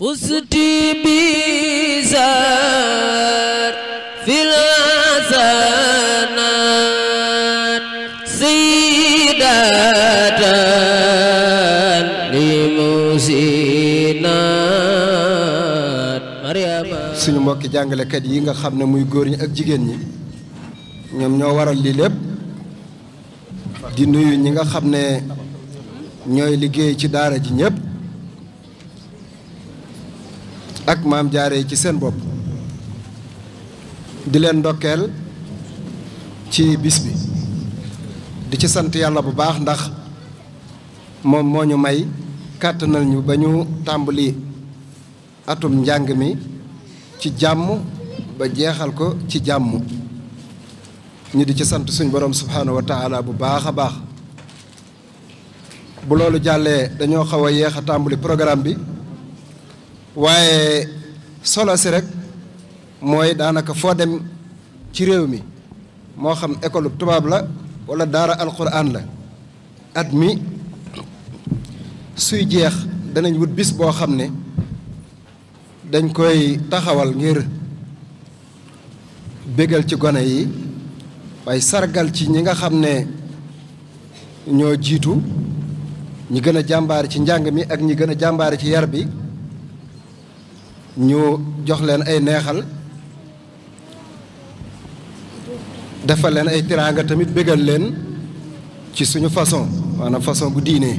فزت بزار في الحسنات سيدة لمسنات مريم suñu mbokki jàngalekat yi nga xam ne muy góor ñi ak jigéen ñi ñoom ñoo waral lii lépp di nuyu ñi nga xam ne ñooy liggéey ci daara ji ñëpp ak maam jaare ci seen bopp di leen ndokkeel ci bis bi di ci sant yàlla bu baax ndax moom moo ñu may kàttanal ñu ba ñu tàmbali atum njàng mi ci jàmm ba jeexal ko ci jàmm ñu di ci sant suñ boroom subhaanahu wa taala bu baax a baax bu loolu jàllee dañoo xaw a yéex a tàmbali programme bi waaye solo si rek mooy daanaka foo dem ci réew mi moo xam école tubaab la wala daara alquran la at mi suy jeex danañ wut bis boo xam ne dañ koy taxawal ngir bégal ci gone yi waaye sargal ci ñi nga xam ne ñoo jiitu ñi gën a jàmbaar ci njàng mi ak ñi gën a jàmbaar ci yar bi ñu jox leen ay neexal defal leen ay tiraanga tamit bégal leen ci suñu façon maanaam façon bu diine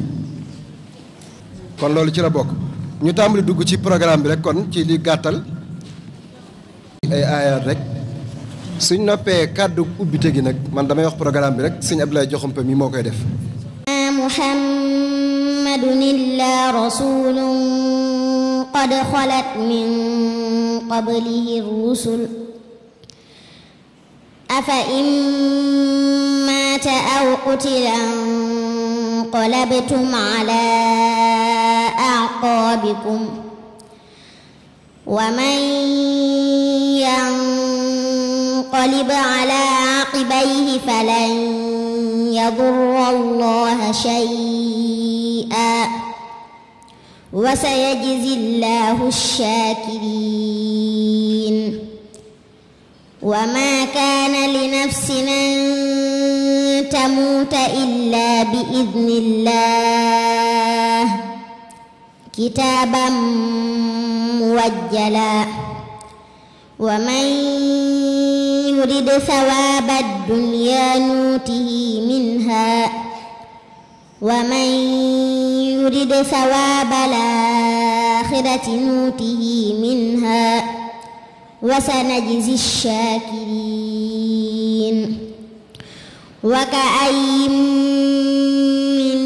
kon loolu ci la bokk ñu tàmbali dugg ci programme bi rek kon ci li gàttal ay aayaat rek suñ noppee kàddu ubbite gi nag man damay wax programme bi rek sëñ Abdoulaye Joxumpe mi moo koy def قد خلت من قبله الرسل أفإن مات أو قتل انقلبتم على أعقابكم ومن ينقلب على عقبيه فلن يضر الله شيئا وسيجزي الله الشاكرين وما كان لنفس ان تموت الا باذن الله كتابا موجلا ومن يرد ثواب الدنيا نوته منها ومن يرد ثواب الآخرة نوته منها وسنجزي الشاكرين وكأي من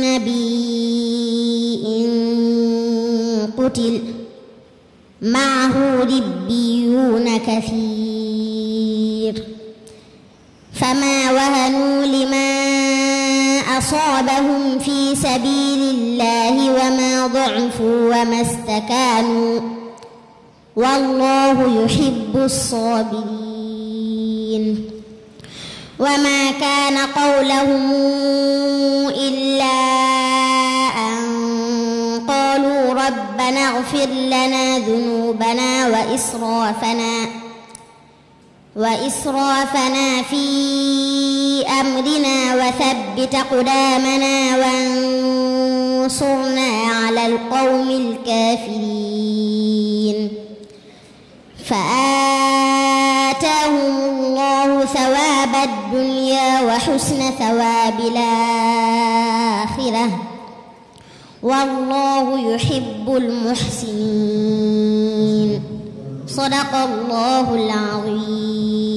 نبي قتل معه ربيون كثير فما وهنوا لما أصابهم في سبيل الله وما ضعفوا وما استكانوا والله يحب الصابرين وما كان قولهم إلا أن قالوا ربنا اغفر لنا ذنوبنا وإسرافنا وإسرافنا في أمرنا وثبت قدامنا وانصرنا على القوم الكافرين فآتاهم الله ثواب الدنيا وحسن ثواب الآخرة والله يحب المحسنين صدق الله العظيم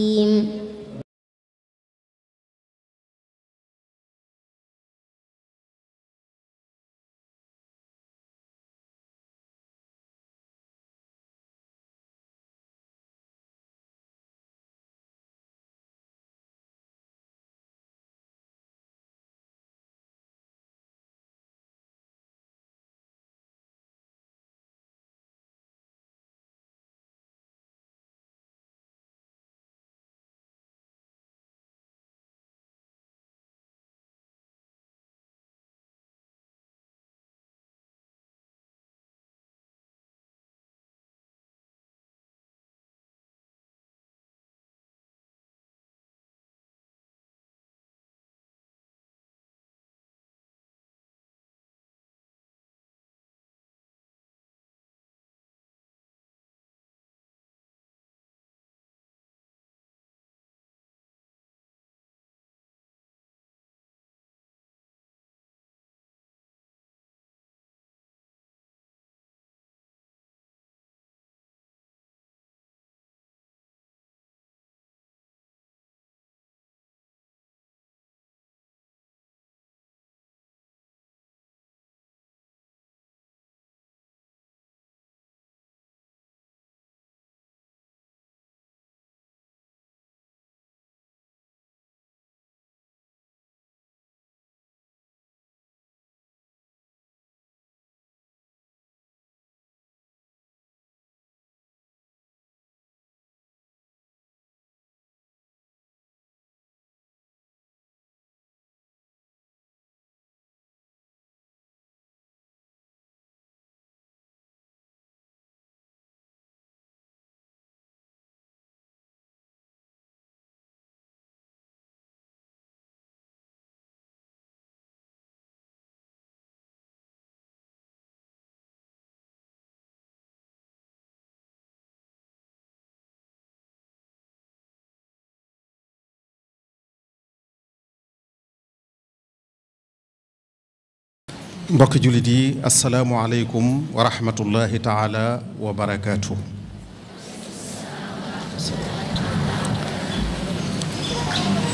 mbokki jullit yi asalaamualeykum wa rahmatullahi taala wa barakaatu.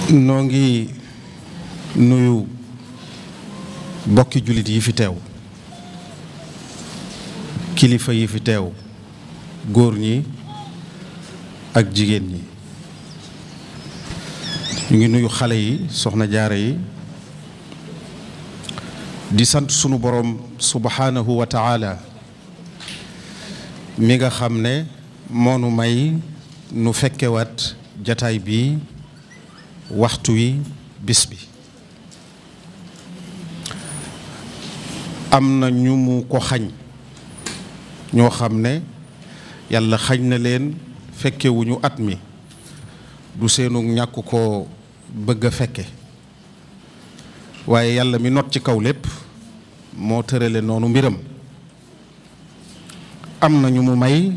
noo ngi nuyu mbokki jullit yi fi teew kilifa yi fi teew góor ñi ak jigéen ñi ñu ngi nuyu xale yi soxna jaara yi di sant sunu boroom subhanahu wa taala mi nga xam ne moonu may nu fekkewaat jataay bi waxtu wi bis bi am na ñu mu ko xañ ñoo xam ne yàlla xañ na leen fekkewuñu at mi du seenu ñàkk ko bëgg a fekke waaye yàlla mi not ci kaw lépp moo tërale noonu mbiram am na ñu mu may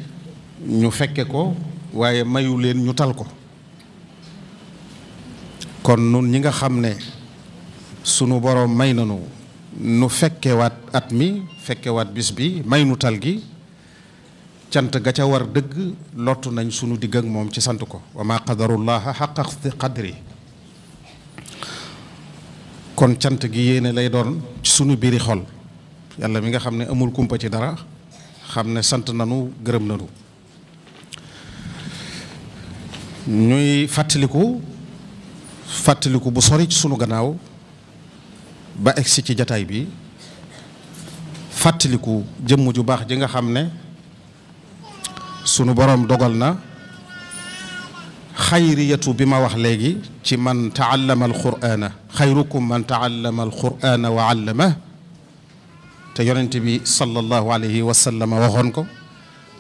ñu fekke ko waaye mayu leen ñu tal ko kon nun ñi nga xam ne sunu boroom may nanu nu fekkewaat at mi fekkewaat bis bi may nu tal gi cant ga ca war dëgg lottu nañ sunu digg ak moom ci sant ko wa ma qadarullaha xaqa qadri kon cant gi yéene lay doon sunu biiri xol yàlla mi nga xam ne amul kumpa ci dara xam ne sant nanu gërëm nanu ñuy fàttaliku fàttaliku bu sori ci sunu gannaaw ba egsi ci jataay bi fàttaliku jëmm ju baax ji nga xam ne sunu boroom dogal na xayriyatu bi ma wax léegi ci man taallama alqur'ana xayrukum man taallama alqur'ana wa allama te yonent bi sallallahu alayhi wa sallam waxoon ko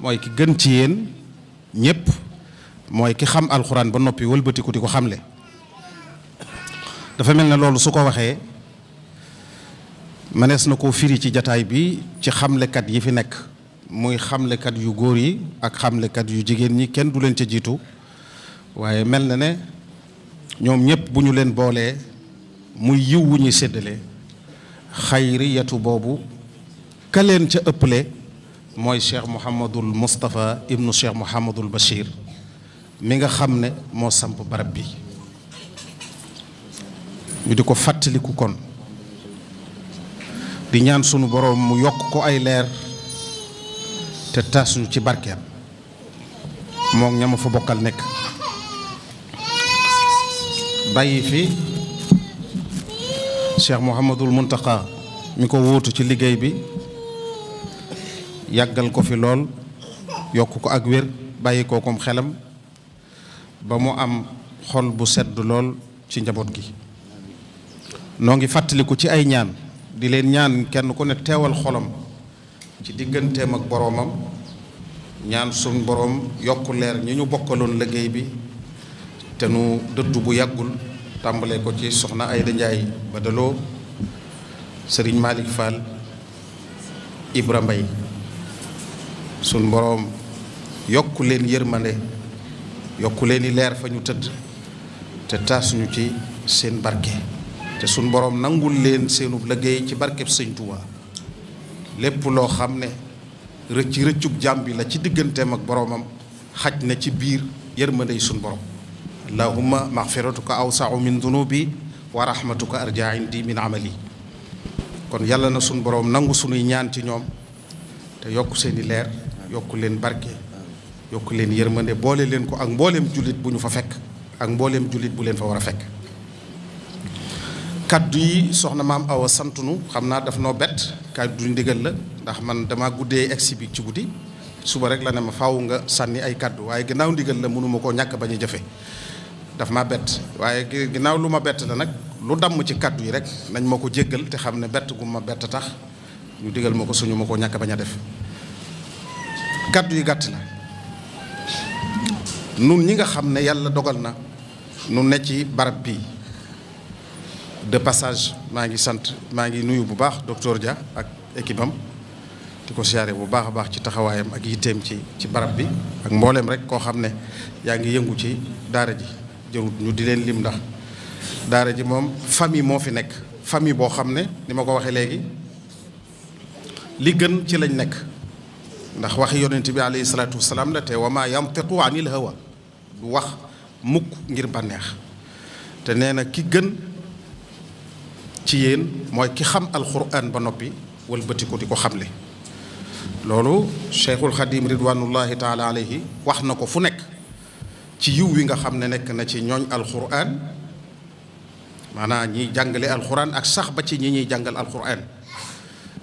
mooy ki gën ci yéen ñëpp mooy ki xam alquran ba noppi wëlbatiku di ko xamle dafa mel ne loolu su ko waxee mënees na koo firi ci jataay bi ci xamlekat yi fi nekk muy xamlekat yu góor yi ak xamlekat yu jigéen ñi kenn du leen ca jiitu waaye mel na ne ñoom ñëpp bu ñu leen boolee muy yiw wu ñuy séddale xayriyatu boobu ka leen ca ëpple mooy cheikh mouhamadul moustapha ibnu cheikh mouhamadul bachir mi nga xam ne moo samp barab bi ñu di ko fàttaliku kon di ñaan sunu boroom mu yokk ko ay leer te tas ci barkeem moom ña fa bokkal nekk bàyyi fi Cheikh Mouhamadul Mountakha ñu ko wuutu ci liggéey bi yàggal ko fi lool yokk ko ak wér bàyyi ko kom xelam ba mu am xol bu sedd lool ci njaboot gi noo ngi fàttaliku ci ay ñaan di leen ñaan kenn ku ne teewal xolam ci digganteem ak boroomam ñaan suñ boroom yokk leer ñu ñu bokkaloon liggéey bi te nu dëddu bu yàggul tàmbale ko ci soxna Ayda Njaay ba sëriñ Malick Fall Ibra Mbay sun boroom yokk leen yërmande yokku leen yi leer fa ñu tëdd te taasuñu ci seen barke te sun boroom nangul leen seenub liggéey ci barkeb sëñ Tuubaa lépp loo xam ne rëcc rëccub jaam bi la ci digganteem ak boroomam xaj na ci biir yërmande yi sun borom ko aw allahuma maxfiratuka awsau min a wa rahmatuka arja indi min amali kon yàlla na sunu boroom nangu suñuy ñaan ci ñoom te yokk seeni leer yokk leen barke yokk leen yërmande boole leen ko ak mbooleem jullit bu ñu fa fekk ak mbooleem jullit bu leen fa war a fekk kàddu yi soxna maam awa santunu xam naa daf noo bett kaddu ndigal la ndax man dama guddee egsi bi ci guddi suba rek la ne ma faw nga sànni ay kàddu waaye gannaaw ndigal la mënuma koo ñàkk bañ a jëfe daf ma bett waaye ginnaaw lu ma bett la nag lu damm ci kàddu yi rek nañ ma ko jéggal te xam ne bett gu ma bett tax ñu digal ma ko suñu ma ko ñàkk bañ a def kàddu yi gàtt na nun ñi nga xam ne yàlla dogal na nu ne ci barab bi de passage maa ngi sant maa ngi nuyu bu baax docteur ja ak équipe di ko siyaare bu baax a baax ci taxawaayam ak yitteem ci ci barab bi ak mbooleem rek koo xam ne yaa ngi yëngu ci daara ji jërut ñu di leen lim ndax daara ji moom famille moo fi nekk famille boo xam ne ni ma ko waxee léegi li gën ci lañ nekk ndax waxi yonent bi alayhi salaatu wasalaam la te wa ma yantiqu anil hawa du wax mukk ngir bànneex te nee na ki gën ci yéen mooy ki xam alquran ba noppi wëlbati ko di ko xamle loolu cheikhul xadim ridwanullahi taala alayhi wax na ko fu nekk ci yiw wi nga xam ne nekk na ci ñooñ alquran maanaam ñiy jàngale alquran ak sax ba ci ñi ñuy jàngal alquran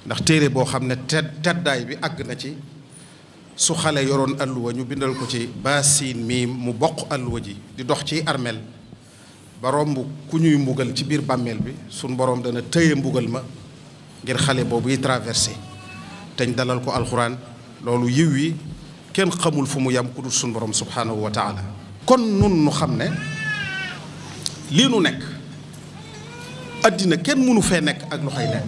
ndax téere boo xam ne tedd teddaay bi àgg na ci su xale yoroon alluwa ñu bindal ko ci basin mii mu bokk alluwa ji di dox ci armel ba romb ku ñuy mbugal ci biir bàmmeel bi suñ borom dana tëye mbugal ma ngir xale boobu yi traversé tañ dalal ko alquran loolu yiw yi kenn xamul fu mu yam ku dul suñ borom subhanahu wa taala kon nun nu xamne li nu nek adina kenn mënu fe nek ak lu loxoy nek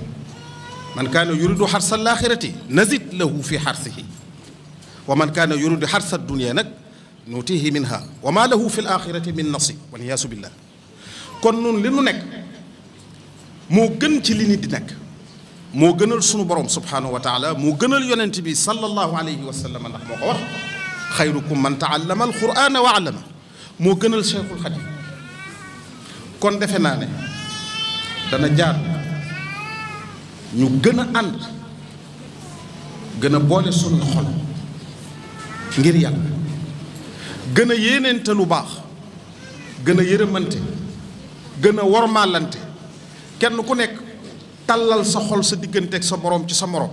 man kana yuridu xarsa akhirati nazid lahu fi harsihi wa man kana yuridu xarsa dunya nak nutihi minha wa ma lahu fi al-akhirati min nasib niyas billah kon nun li nu nek mo gën ci li nit di nek mo gënal sunu borom subhanahu wa taala mo gënal yonent bi sallallahu alayhi wa sallam ndax moo wax xayrukum man taallama alqurana wa allama moo gënal cheikhul xadim kon defe naa ne dana jaar ñu gën a ànd gën a boole sunu xol ngir yàlla gën a yéeneente lu baax gën a yërëmante gën a wormaalante kenn ku nekk tàllal sa xol sa digganteeg sa moroom ci sa moroom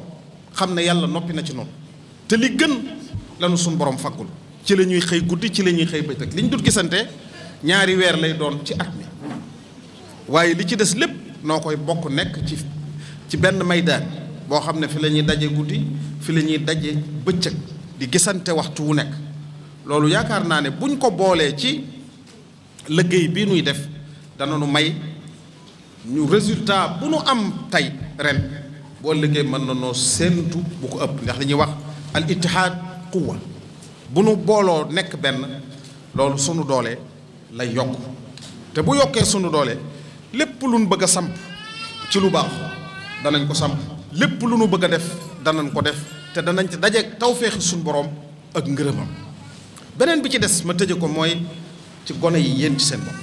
xam ne yàlla noppi na ci noonu te li gën lanu suñ borom faggul ci la ñuy xëy guddi ci la ñuy xëy bëccëg li ñu dut gisante ñaari weer lay doon ci at mi waaye li ci des lépp noo koy bokk nekk ci ci benn maydaan boo xam ne fi lañuy ñuy daje guddi fi lañuy daje bëccëg di gisante waxtu wu nekk loolu yaakaar naa ne buñ ko boolee ci liggéey bii nuy def dana nu may ñu résultat bu nu am tey ren boo liggéey mën na noo séentu bu ko ëpp ndax li ñuy wax al ittihaad quwa bu nu booloo nekk benn loolu sunu doole lay yokk te bu yokkee sunu doole lépp lu nu bëgg samp ci lu baax danañ ko samp lépp lu nu bëgg a def danañ ko def te danañ ci dajeeg tawféexi sunu boroom ak ngërëmam beneen bi ci des ma tëje ko mooy ci gone yi yéen ci seen bopp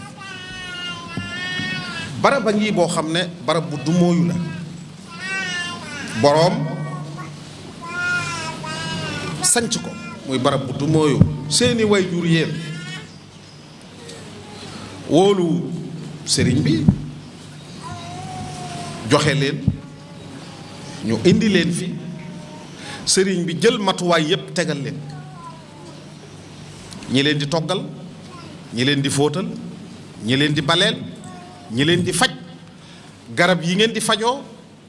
barab a boo xam ne barab bu dumóoyu la boroom sanc ko muy barab bu dumóoyu seeni way jur yéen wóolu sëriñ bi joxe leen ñu indi leen fi sëriñ bi jël matuwaay yépp tegal leen ñi leen di toggal ñi leen di fóotal ñi leen di baleel ñi leen di faj garab yi ngeen di fajoo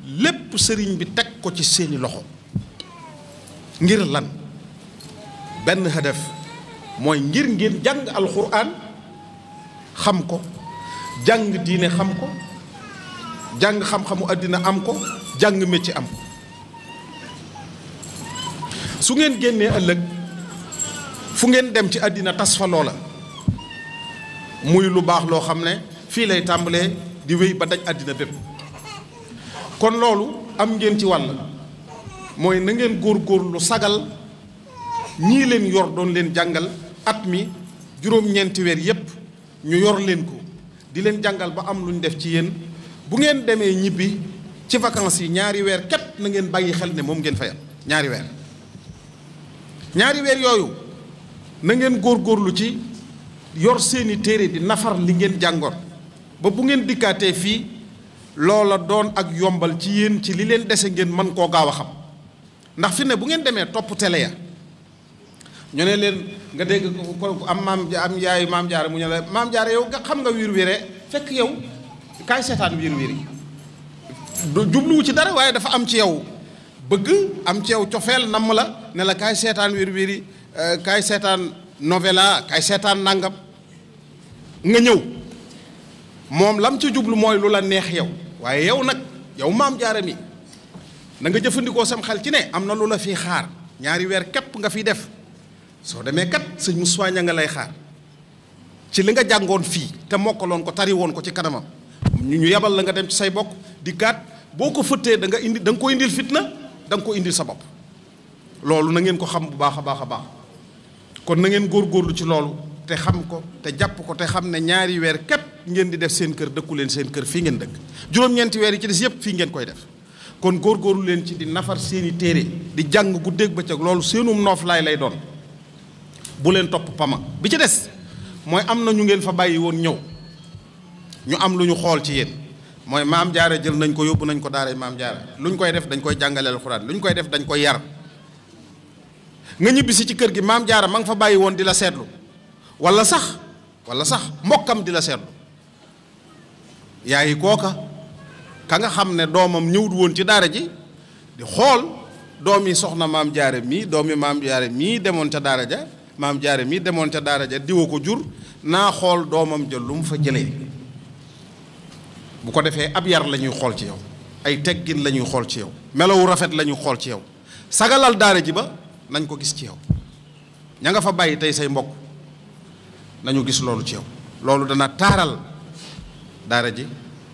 lépp sëriñ bi teg ko ci seeni loxo ngir lan benn xedef mooy ngir ngir jàng alxuraan xam ko jàng diine xam ko jàng xam-xamu àddina am ko jàng métier am su ngeen génnee ëllëg fu ngeen dem ci àddina tas fa loola muy lu baax loo xam ne fii lay tàmbalee di wéy ba daj àddina bépp kon loolu am ngeen ci wàll mooy na ngeen góor góor lu sagal ñii leen yor doon leen jàngal at mi juróom-ñeenti weer yépp ñu yor leen ko di leen jàngal ba am lu ñu def ci yéen bu ngeen demee ñibbi ci vacances yi ñaari weer képp na ngeen bàyyi xel ne moom ngeen fayal ñaari weer ñaari weer yooyu na ngeen góorlu ci yor seeni téere di nafar li ngeen jàngoon ba bu ngeen dikkaatee fii loola doon ak yombal ci yéen ci li leen dese ngeen mën koo gaaw a xam ndax fi ne bu ngeen demee topp télé ya ñu ne leen nga dégg ko am maam am yaayu maam jaara mu ñu la maam jaare yow nga xam nga wiir wiire fekk yow kaay seetaan wiir wiir yi jubluwu ci dara waaye dafa am ci yow bëgg am ci yow cofeel namm la ne la kaay seetaan wiir wiir yi euh, kaay seetaan novella kaay seetaan nangam nga ñëw moom lam ci jublu mooy lu la neex yow waaye yow nag yow maam jaara mi na nga jëfandikoo sam xel ci ne am na lu la fi xaar ñaari weer kepp nga fi def soo demee kat sëñ mu a nga lay xaar ci li nga jàngoon fii te mokkaloon ko tari woon ko ci kanamam ñu ñu yebal la nga dem ci say bokk di kaat boo ko fëttee da nga indi da nga ko indil fitna da nga ko indil sa bopp loolu na ngeen ko xam bu baax a baax a baax kon na ngeen góorlu ci loolu te xam ko te jàpp ko te xam ne ñaari weer képp ngeen di def seen kër dëkku leen seen kër fii ngeen dëkk juróom-ñeenti weer yi ci des yëpp fii ngeen koy def kon góorgóorlu leen ci di nafar seeni téere di jàng guddeeg bëccëg loolu seenum noof laay lay doon bu leen topp pama bi ci des mooy am na ñu ngeen fa bàyyi woon ñëw ñu am lu ñu xool ci yéen mooy maam jaara jël nañ ko yóbbu nañ ko daara maam jaara lu ñu koy def dañ koy jàngaleel xuraan lu ñu koy def dañ koy yar nga ñibbisi ci kër gi maam jaare ma nga fa bàyyi woon di la seetlu walla sax wala sax mbokkam di la seetlu yaayi kooka ka nga xam ne doomam ñëwut woon ci daara ji di xool doom yi soxna maam jaara mii doom yi maam jaara mii demoon ca daara ja maam jaare mii demoon ca daara ja diwa ko jur naa xool doomam ja lu mu fa jëlee bu ko defee ab yar lañuy xool ci yow ay teggin la ñuy xool ci yow melowu rafet la ñuy xool ci yow sagalal daara ji ba nañ ko gis ci yow ña nga fa bàyyi tey say mbokk nañu gis loolu ci yow loolu dana taaral daara ji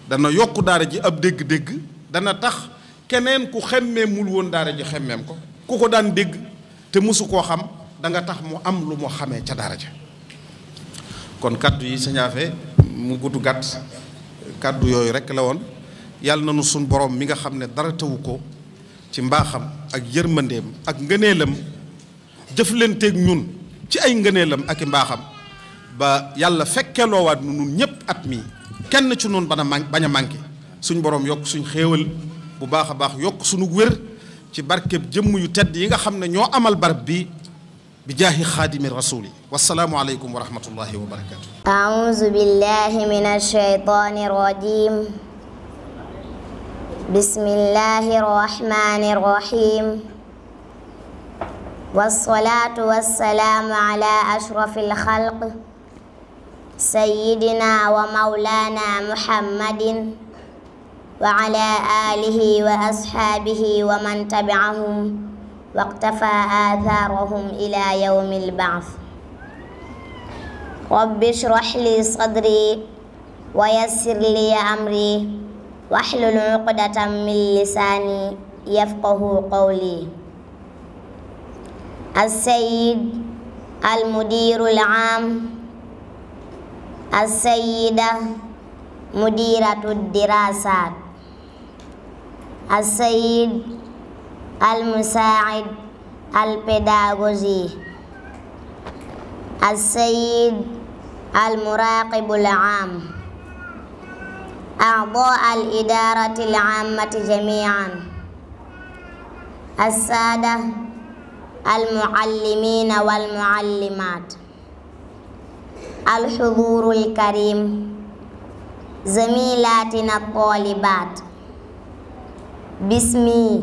dana yokk daara ji ab dégg-dégg dana tax keneen ku xemmeemul woon daara ji xemmeem ko ku ko daan dégg te mosu koo xam da nga tax mu am lu mu xamee ca daara ja kon kàddu yi sañaafe mu gudd gàtt kàddu yooyu rek la woon yàlla na nu suñ borom mi nga xam ne dara tawu ko ci mbaaxam ak yërmandeem ak ngëneelam jëflanteeg ñun ci ay ngëneelam ak i mbaaxam ba yàlla fekkeloowaat nu nun ñëpp at mi kenn ci noonu bana man bañ a manqué suñ borom yokk suñ xéewal bu baax a baax yokk suñu wér ci barkeb jëmm yu tedd yi nga xam ne ñoo amal barab bii بجاه خادم الرسول والسلام عليكم ورحمة الله وبركاته أعوذ بالله من الشيطان الرجيم بسم الله الرحمن الرحيم والصلاة والسلام على أشرف الخلق سيدنا ومولانا محمد وعلى آله وأصحابه ومن تبعهم واقتفى آثارهم إلى يوم البعث رب اشرح لي صدري ويسر لي أمري واحلل عقدة من لساني يفقه قولي السيد المدير العام السيدة مديرة الدراسات السيد المساعد البداغوزي السيد المراقب العام أعضاء الإدارة العامة جميعا السادة المعلمين والمعلمات الحضور الكريم زميلاتنا الطالبات باسمي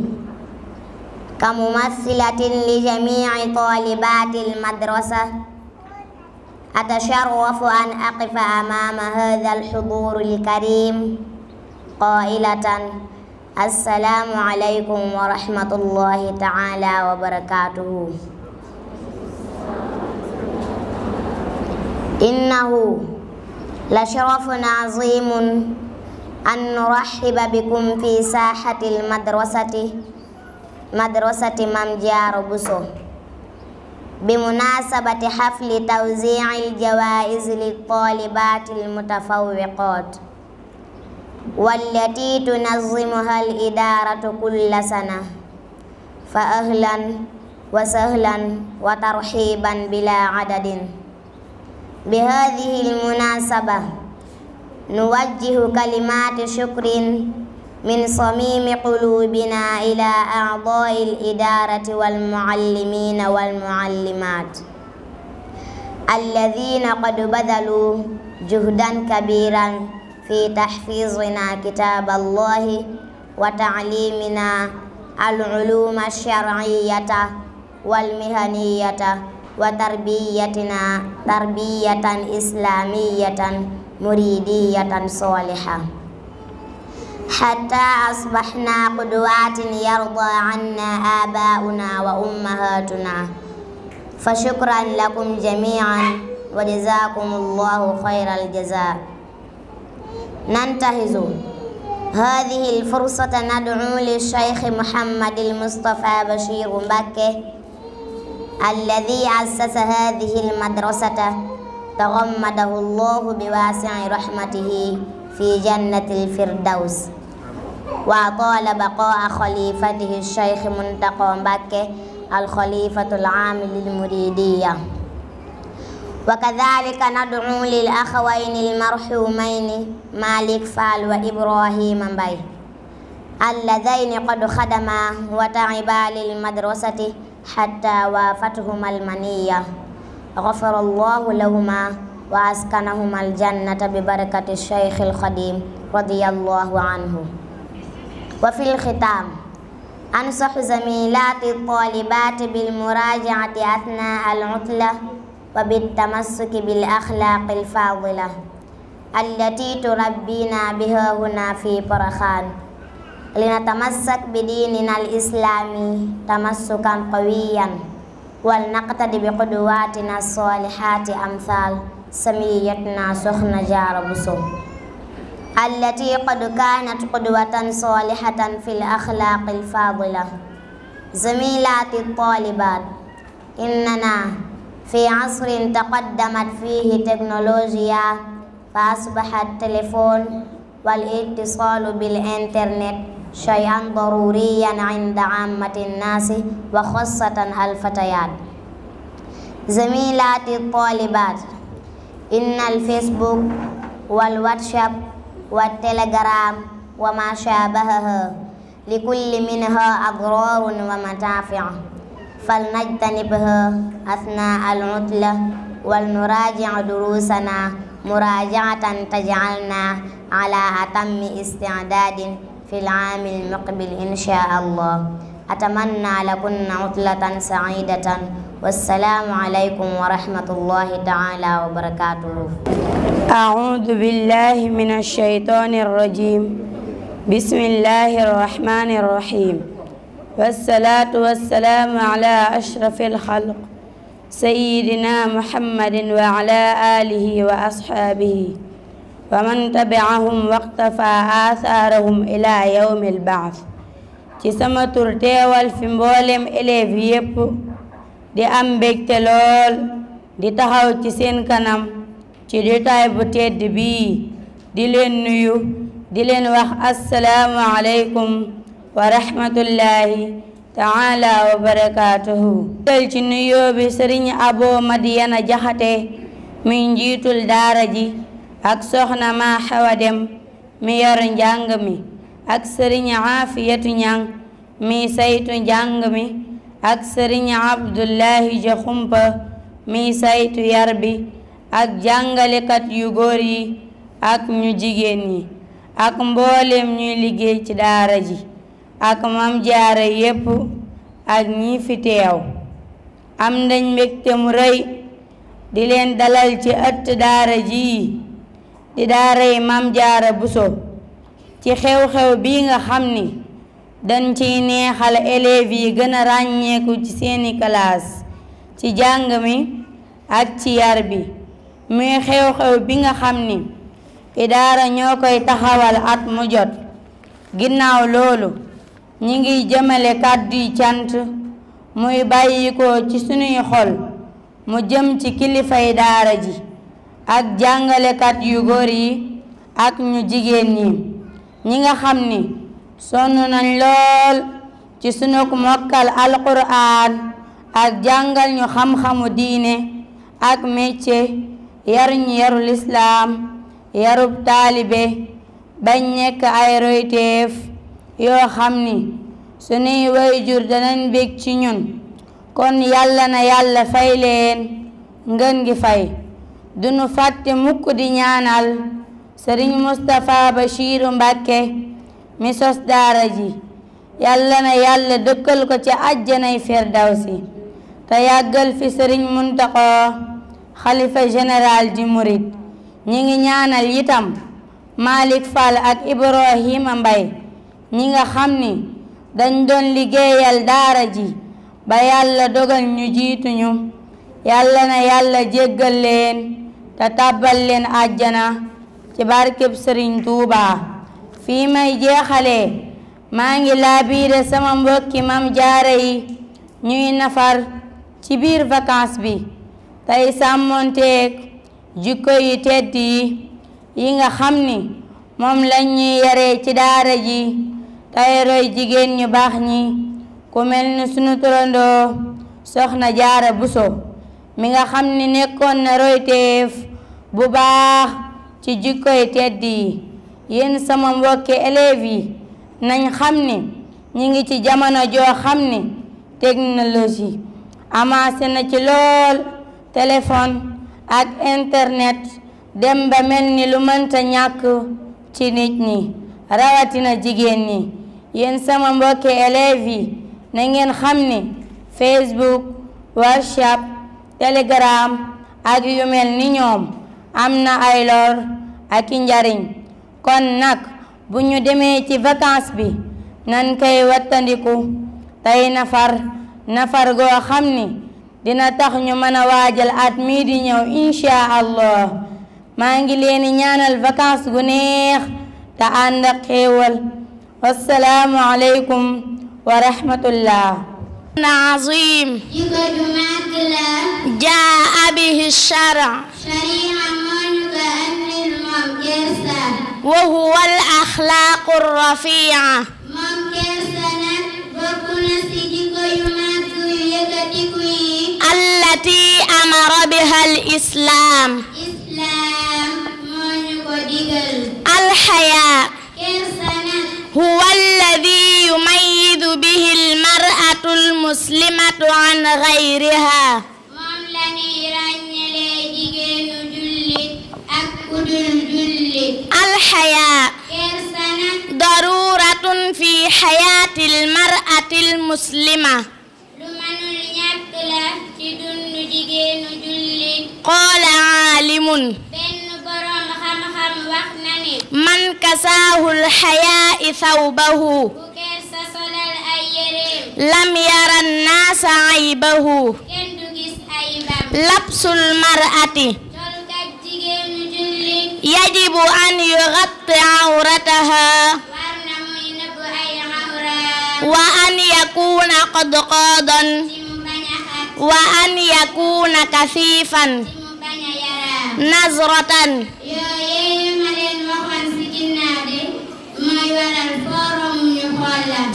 كممثلة لجميع طالبات المدرسة أتشرف أن أقف أمام هذا الحضور الكريم قائلة السلام عليكم ورحمة الله تعالى وبركاته إنه لشرف عظيم أن نرحب بكم في ساحة المدرسة مدرسة إمام ربوسو بمناسبة حفل توزيع الجوائز للطالبات المتفوقات والتي تنظمها الإدارة كل سنة فأهلا وسهلا وترحيبا بلا عدد بهذه المناسبة نوجه كلمات شكر من صميم قلوبنا إلى أعضاء الإدارة والمعلمين والمعلمات الذين قد بذلوا جهدا كبيرا في تحفيظنا كتاب الله وتعليمنا العلوم الشرعية والمهنية وتربيتنا تربية إسلامية مريدية صالحة حتى أصبحنا قدوات يرضى عنا آباؤنا وأمهاتنا فشكرا لكم جميعا وجزاكم الله خير الجزاء ننتهز هذه الفرصة ندعو للشيخ محمد المصطفى بشير مكة الذي أسس هذه المدرسة تغمده الله بواسع رحمته في جنة الفردوس وأطال بقاء خليفته الشيخ منتقى بك الخليفة العام للمريدية وكذلك ندعو للأخوين المرحومين مالك فال وإبراهيم بي اللذين قد خدما وتعبا للمدرسة حتى وافتهما المنية غفر الله لهما وأسكنهما الجنة ببركة الشيخ الخديم رضي الله عنه وفي الختام أنصح زميلات الطالبات بالمراجعة أثناء العطلة وبالتمسك بالأخلاق الفاضلة التي تربينا بها هنا في برخان لنتمسك بديننا الإسلامي تمسكا قويا ولنقتدي بقدواتنا الصالحات أمثال سميتنا soxna جار buso التي قد كانت قدوة صالحة في الأخلاق الفاضلة زميلات الطالبات إننا في عصر تقدمت فيه تكنولوجيا فأصبح التليفون والاتصال بالإنترنت شيئا ضروريا عند عامة الناس وخاصة الفتيات زميلات الطالبات إن الفيسبوك والواتساب والتليجرام وما شابهه لكل منها أضرار ومتافع فلنجتنبها أثناء العطلة ولنراجع دروسنا مراجعة تجعلنا على أتم استعداد في العام المقبل إن شاء الله أتمنى لكن عطلة سعيدة والسلام عليكم ورحمة الله تعالى وبركاته أعوذ بالله من الشيطان الرجيم بسم الله الرحمن الرحيم والصلاة والسلام على أشرف الخلق سيدنا محمد وعلى آله وأصحابه ومن تبعهم واقتفى آثارهم إلى يوم البعث ci ترتيوال في مبولم fi mboolem di am mbégte lool di taxaw ci seen kanam ci jotaay bu tedd bii di leen nuyu di leen wax assalaamu aleykum wa rahmatullahi taala wa barakaatuhu jël ci nuyoo bi sëriñ Abo Madiyana Jaxate mi njiitul daara ji ak soxna ma xawa dem mi yor njàng mi ak sëriñ Aafiyatu Ñang mi saytu njàng mi ak sëriñ abdullahi jaxumpa mi saytu yar bi ak jàngalekat yu góor yi ak ñu jigéen ñi ak mboolem ñuy liggéey ci daara ji ak mam jaara yépp ak ñi fi teew am nañ mbégte mu rëy di leen dalal ci ëtt daara ji di daaray mam jaara buso ci xew-xew bii nga xam ni dañ neexal élèves yi gën a ràññeeku ci seeni classe ci jàng mi ak ci yar bi muy xew-xew bi nga xam ni idaara ñoo koy taxawal at mu jot ginnaaw loolu ñi ngiy jëmale kàddu yi cant muy bàyyikoo ci sunuy xol mu jëm ci kilifay daara ji ak jàngalekat yu góor yi ak ñu jigéen ñi ñi nga xam ni sonn nañ lool ci sunuk mokkal alquran ak jàngal ñu xam-xamu diine ak métier yar ñu yaru lislaam yarub taalibe bañ nekk ay royteef yoo xam ni sunuy wayjur danañ bég ci ñun kon yàlla na yàlla fay leen ngën gi fay dunu fàtte mukk di ñaanal sëriñ Moustapha Bachiru Mbàkke mi daara ji yàlla na yàlla dëkkal ko ci àjjanay firdawsi te yàggal fi sëriñ Muntaxa xalifa général ji murit ñi ngi ñaanal itam Malick Fall ak Ibrahima Mbay ñi nga xam ni dañ doon liggéeyal daara ji ba yàlla dogal ñu jiituñu yàlla na yàlla jéggal leen te tàbbal leen àjjana ci barkeb sëriñ Tuubaa fii may jeexalee maa ngi laabiire sama mbokki mam jaare yi ñuy nafar ci biir vacances bi tey sàmmonteeg jikko yu tedd yi yi nga xam ni moom lañ ñuy yaree ci daara ji tey roy jigéen ñu baax ñi ku mel ni sunu turandoo soxna jaara buso mi nga xam ni nekkoon na royteef bu baax ci jikko yu tedd yi yéen sama mbokke élèves yi nañ xam ni ñu ngi ci jamono joo xam ne technologie amaase na ci lool téléphone ak internet dem ba mel ni lu mënta ñàkk ci nit ñi rawatina jigéen ñi yéen sama mbokki élèves yi na ngeen xam ne Facebook WhatsApp Telegram ak yu mel ni ñoom am na ay lor ak i njariñ kon nak buñu démé ci vacances bi nan kay watandiku tay nafar nafar go xamni dina tax ñu mëna a at mi di ñëw insha allah ma ngi leen ñaanal vacances gu neex ta ànd xewal xéewal wassalaamu aleykum wa rahmatullah عظيم جاء به الشرع شريعة من أمر المعجزة وهو الأخلاق الرفيعة التي أمر بها الإسلام الحياء هو الذي يميز به المرأة المسلمة عن غيرها الحياة ضرورة في حياة المرأة المسلمة قال عالم من كساه الحياء ثوبه لم ير الناس عيبه لبس المرأة yajibu an yughatti aurataha wa an yakuna qad qadan wa an yakuna kasifan nazratan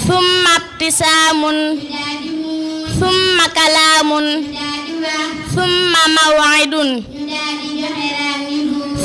summa tisamun summa kalamun summa maw'idun